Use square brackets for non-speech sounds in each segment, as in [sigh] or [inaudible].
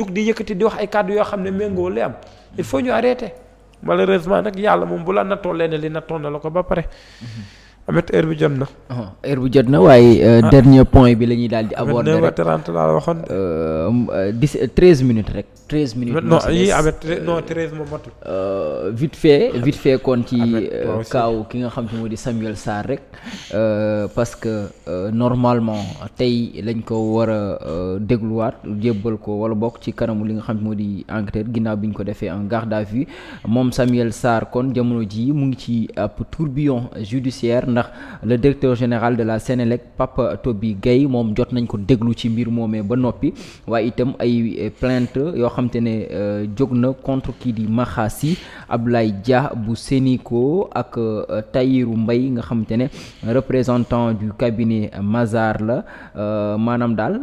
jug di yëkkati di wax ay kàddu yoo xam ne méngoo li am il faut ñu arrêter malheureusement nag yàlla moom bu la nattoo lenn li nattoon na la ko ba pare mhm. amet heure bi jot na. heure bu jot na waaye euh, ah. dernier point bi la ñuy daal di. aborder rek 30 laa waxoon. 10 euh, euh, minutes rek. 13 minutes non yii amet non 13 moo matul. vite kon ci kaaw ki nga xam te moo di Samuel saar rek parce que normalement tey lañ ko war a dégluwaat jébbal ko wala bokk ci kanamu li nga xam te moo di enquêteur ginnaaw bi ñu ko defee en garde à vue moom Samuel Sarr kon jamono ji mu ngi ci ab tourbillon judiciaire. ndax le directeur général de la Sénélec Papa Toby Gueye moom jot nañ ko déglu ci mbir moomee ba noppi waaye itam ay eh, plainte yoo xam te ne eh, jóg na contre kii di ab lay Dia bu Sénico ak eh, Tayiru Mbay nga xam te ne représentant du cabinet Mazar la maanaam daal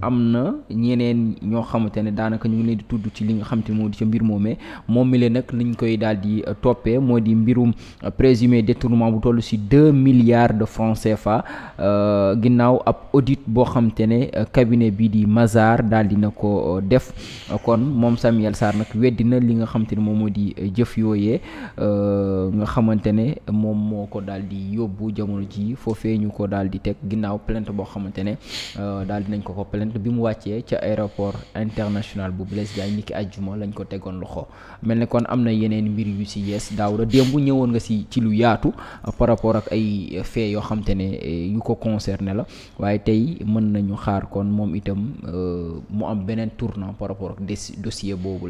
am na ñeneen ñoo xamante ne daanaka ñu ngi leen di tudd ci li nga xam te moo di ca mbir moomee moom mi leen nag liñ koy daal di toppee moo di mbirum présumé détournement bu toll toll ci deux milliards de francs fa euh, ginnaaw ab audit boo xam te ne euh, cabinet bi di Mazars daal dina ko euh, def kon moom Samuel Sarr nag weddina li nga xam ne moom moo di jëf yooyee nga xamante ne moom moo ko daal di yóbbu jamono ji foofee ñu ko daal di teg ginnaaw plainte boo xamante ne daal dinañ ko ko plainte bi mu wàccee ca aéroport international bu Blaise Diagne niki àjjuma lañ ko tegoon loxo mel ne kon am na yeneen mbir yu ci yees daaw démb ñëwoon nga ci lu yaatu rapport ak ay fait yoo xam ne eh, yu ko concerné la waaye tey mën nañu xaar kon moom itam euh, mu am beneen tournant par rapport ak dossier boobu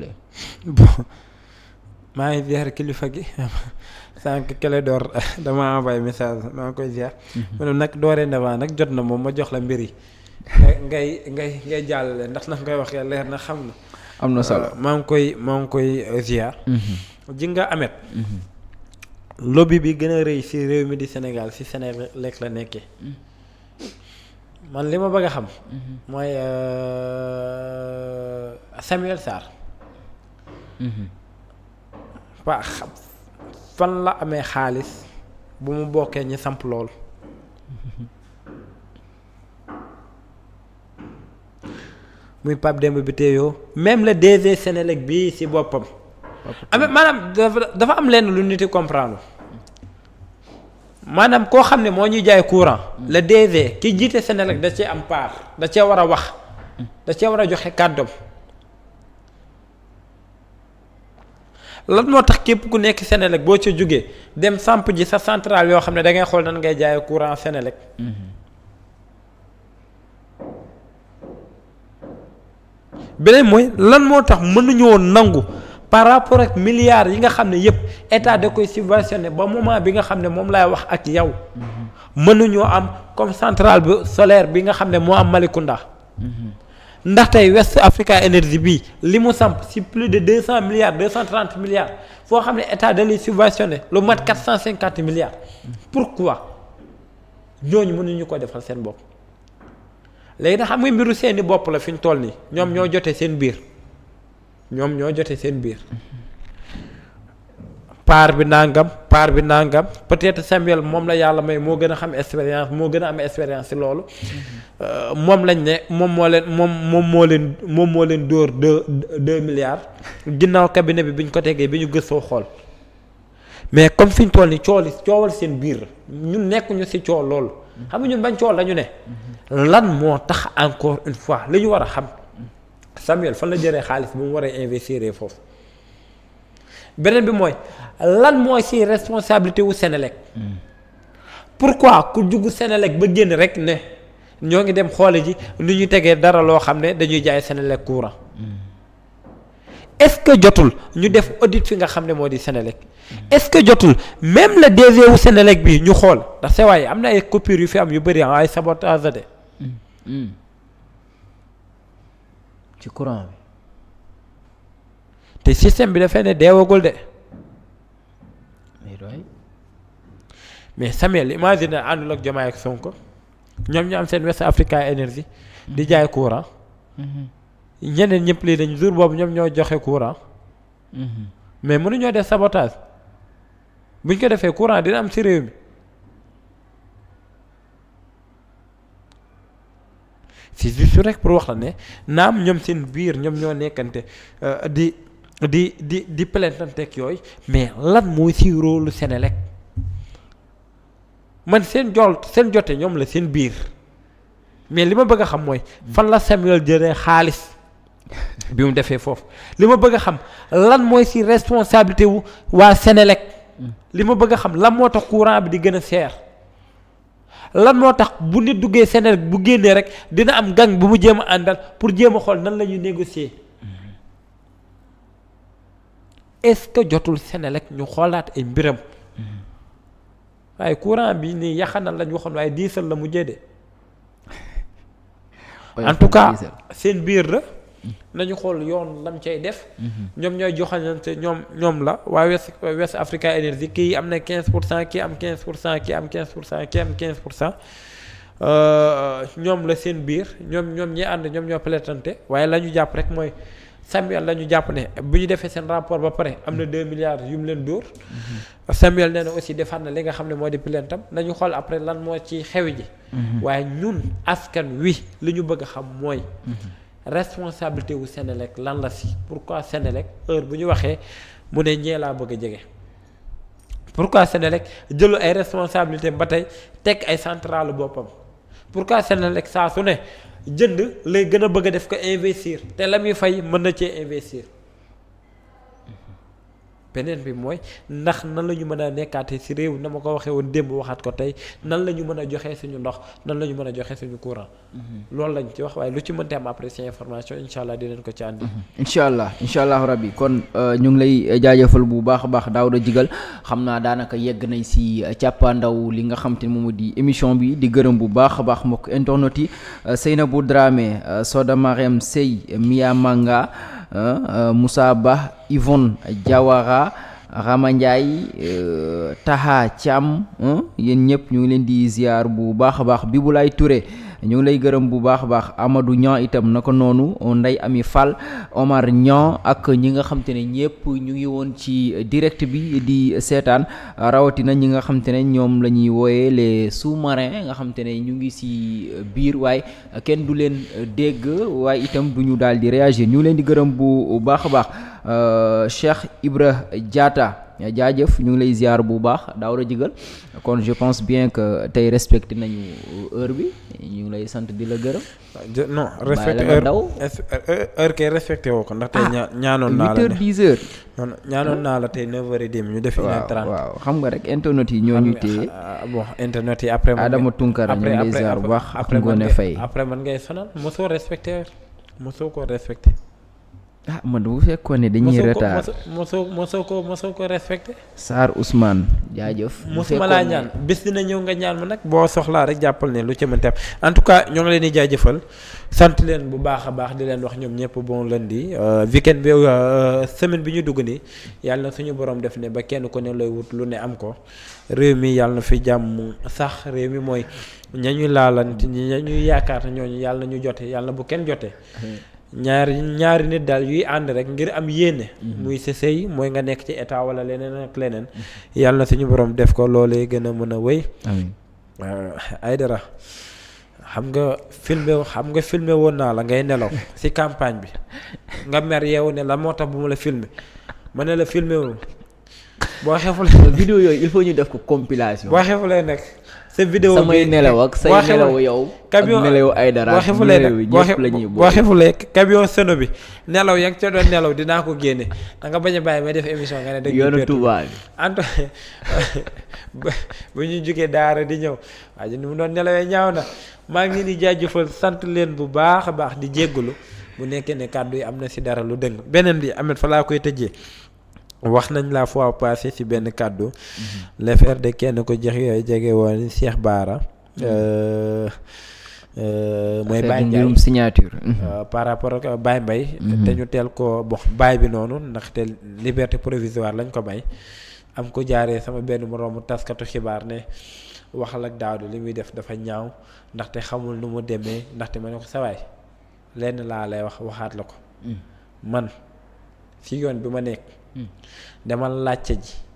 bon maa ngi ziar kilifa gi [laughs] sànq kële door [laughs] dama envoyé message maa ngi koy ziar. Mhm. nag dooree ndawaa nag jot na moom ma jox la mbir yi. ngay ngay ngay jàllale ndax na ngay waxee leer na xam na. am na solo maa ngi koy maa ngi koy ziar. Mhm. ji nga amet mhm. lobby bi gën a rëy ci réew mi di Sénégal ci Senelec la nekkee mm. man li ma bëgg a xam mm-hmm. mooy euh, Samuel Sarr waa mm-hmm. fan la amee xaalis bu mu bokkee ñi samp lool mm-hmm. muy Pape Demba bi téyoo même le DG Senelec bii ci boppam am ah, maanaam dafa am lenn lu nit comprendre maanaam koo xam ne moo ñuy jaay courant. Mm. le DG ki jiite Senelec mm. da cee am part da cee war a wax mm. da cee war a joxe kàddoom lan moo tax képp ku nekk Senelec boo ca jógee dem samp ji sa centrale yoo xam ne da ngay xool nan ngay jaay courant Senelec. Mm-hmm. beneen mooy lan moo tax mënuñoo nangu. par rapport ak milliards yi nga xam ne yëpp état da koy subventionné ba moment bi nga xam ne moom laay wax ak yow mënuñoo am comme centrale bi solaire bi nga xam ne moo am Malicounda ndax tey West Africa Energy bii li mu samp si plus de deux cent milliards deux cent trente milliards foo xam ne état da lay subventionné lu mat quatre cent cinquante milliards pourquoi ñooñu mënuñu ko defal seen bopp léegi nag xam nga mbiru seeni bopp la fi ñu toll nii ñoom ñoo jotee seen biir ñoom ñoo jote seen biir paar bi nangam paar bi nangam peut-être Samuel moom la yàlla may moo gën a xam expérience moo gën a am expérience ci loolu euh, moom lañ ne moom moo leen moom moom moo leen moom moo leen dóor deux deux milliards ginnaaw cabinet bi bi ñu ko tegee bi ñu gëstoo xool mais comme fi ñu toll nii cool coowal seen biir ñun nekkuñu si coow loolu xam nga ñun bañ cool la ñu ne mm-hmm. lan moo tax encore une fois li ñu war a xam Samuel fan la jëree xaalis bi mu war a investir foofu beneen bi mooy lan mooy si responsabilité wu Sénélec hmm. pourquoi ku jugg Sénélec ba génn rek ne ñoo ngi dem xoole ji lu ñu tegee dara loo xam ne dañuy jaay Sénélec courant hmm. est-ce que jotul ñu def audit fi nga xam ne moo di Sénélec hmm. est-ce que jotul même le DG wu Sénélec bi ñu xool ndax waaye am na ay coupures yu fi am yu bëri ay sabotage de ci courant bi te système bi dafay ne deewagul de mais doy mais Samuel imagine àndul ak Diomaye ak Sonko ñoom ñu am seen West Africa Energy di jaay courant mhm. ñeneen ñëpp lii dañ jour boobu ñoom ñoo joxe courant mhm. mais mënuñoo def sabotage buñ ko defee courant dina am ci réew mi c'est juste rek pour wax la ne naam ñoom seen biir ñoom ñoo nekkante euh, di di di di plaintanteeg yooyu mais lan mooy si rôle senelek man seen jol seen jote ñoom la seen biir mais li ma bëgg a xam mooy fan la Samuel jëlee xaalis [laughs] bi mu defee foofu li ma bëgg xam lan mooy si responsabilité wu waa Senelec mm. li ma bëgg a xam lan moo tax courant bi di gën a seer lan moo tax bu nit duggee Sénélec bu génnee rek dina am gan bu mu jéem a àndal pour jéem a xool nan la ñuy négocier est-ce que jotul Sénélec ñu xoolaat ay mbiram waaye courant bi nii yaxanal lañ waxoon waaye diisal la mujjee de [laughs] en tout seen biir la nañu xool yoon lam cay def. Mhm. ñoom ñooy joxañante ñoom ñoom la waaye West West Africa Energy kii am na quinze pour cent kii am 15 pour cent kii am 15 pour cent kii am 15 pour cent euh, ñoom la seen biir ñoom ñoom ñi ànd ñoom ñoo plétante waaye la ñu jàpp rek mooy. Samuel la ñu jàpp ne bu ñu defee seen rapport ba pare am na 2 milliards yu mu leen dóor mhm. Samuel nee na aussi defaat na li nga xam ne moo di plaintam nañu xool après lan moo ci xew ji mhm. waaye ñun askan wi li ñu bëgg a xam mooy responsabilité wu Sénélec lan la si pourquoi Sénélec heure bu ñu waxee mu ne ñee laa bëgg a jege pourquoi Sénélec jëlu ay responsabilité mba tey teg ay centrale boppam pourquoi Sénélec saa su ne jënd lay gën a bëgg a def ko investir te la muy fay mën na cee investir beneen bi mooy ndax na la ñu mën a nekkaate si réew na ma ko waxee woon démb waxaat ko tey nan la ñu mën a joxee suñu ndox nan la ñu mën a joxe suñu courant. Mhm. loolu lañ ci wax waaye lu ci mënti am après ces information incha allah dinañ ko ci àndi. Mhm. incha allah incha allah rabbi kon euh, ñu ngi lay euh, jaajëfal bu baax a baax Daouda Djigal xam naa daanaka yegg nañ ci euh, càppaandaw li nga xam te ne moom di émission bi di gërëm bu baax a baax mbokk internet yi Seynabou Dramé Soda Mariam Sey Mia Manga. Euh, Moussa Ba Yvonne Diawara Rama Ndiaye euh, Taha Thiam yéen ñëpp ñu ngi leen di ziar bu baax a baax Biboulaye Touré ñu ngi lay gërëm bu baax a baax Amadou Niang itam naka noonu Ndeye Ami fal Omar Niang ak ñi nga xam ne ñëpp ñu ngi woon ci direct bi di seetaan rawatina ñi nga xam ne ñoom la ñuy wooyee les sous-marins nga xam ne ñu ngi si biir waaye kenn du leen dégg waaye itam du ñu daal di réagir ñu leen di gërëm bu baax a baax. Euh, Cheikh Ibra jaata jaajëf ñu ngi lay ziar bu baax daawra jigal kon je pense bien que tey respecté nañu heure bi ñu ngi lay sant di la gërëm. non respecté heure daw euh, heure kay respecté woo ko ndax tey ah, ñaanoon naa la huit naa la tey neuf heures et ñu def une heure trente waaw xam nga rek internet yi ñoo ñu téye ah, ah, bon internet yi après Adama Tunkara ñu ngi lay ziar bu baax Ngoné Faye après man ngay sonal mosoo respecté heure mosoo ko respecté ah man bu fekkoon ne dañuy retard mosoo ko mosoo ko mosoo ko respecté. Sarr Ousmane jaajëf. mosuma laa ñaan bés dina ñëw nga ñaan ma nag boo soxlaa rek jàppal ne lu ca mën en tout cas ñoo ngi leen di jaajëfal sant leen bu baax a baax di leen wax ñoom ñëpp bon lundi euh, weekend bi euh, semaine bi ñu dugg ni yàlla suñu borom def ne ba kenn ku ne looy wut lu ne am ko réew mi yàlla na fi jàmm sax réew mi mooy ña ñu laalante ña ñuy yaakaar ñooñu yàlla na ñu jote yàlla na bu kenn jote ñaari ñaari nit daal yuy ànd rek ngir am yéene. Mhm. muy sa sëy mooy nga nekk ci état wala leneen ak leneen. yàlla na suñu boroom def ko loolee gën a mën a wéy. ay ah, dara xam nga filmé xam nga filmé woon naa la ngay nelaw si campagne bi nga mer yeewu ne la moo tax bu ma la filmé ma ne la filmé wu boo xefulee. [laughs] vidéo yooyu il faut ñu def ko compilation. boo xefulee nag. sa vidéo bi samay nelaw ak say yow. camion nelaw ay dara waxe fu lekk waxe waxe fu lekk camion sono bi nelaw yaa ngi ca doon nelaw dinaa ko génne da nga bañ a bàyyi may def émission nga ne. dëgg yoonu Touba bi anto [laughs] bu ñu jógee daara di ñëw waa ji ni mu doon nelawee ñaaw na maa ngi ni jaajëfal sant leen bu baax a baax di jéggalu bu nekkee ne kàddu yi am na si dara lu dëng beneen bi Ameth fa laa koy tëjee. wax nañ laa fois passée ci benn kàddu mhm. l'affaire de kenn ko jeex yooyu jege woon Cheikh Bara mhm. euh, euh, mooy Baye Ndiaye mhm. euh, par rapport ak Baye Mbaye te ñu teel ko box baay bi noonu ndaxte liberté provisoire lañ ko may am ko jaaree sama benn moroomu taskatu xibaar ne waxal ak daadu li muy def dafa ñaaw ndaxte xamul nu mu demee ndaxte ma ne ko sawaay lenn laa lay wax waxaat la ko man ci yoon bi ma nekk demal laajte ji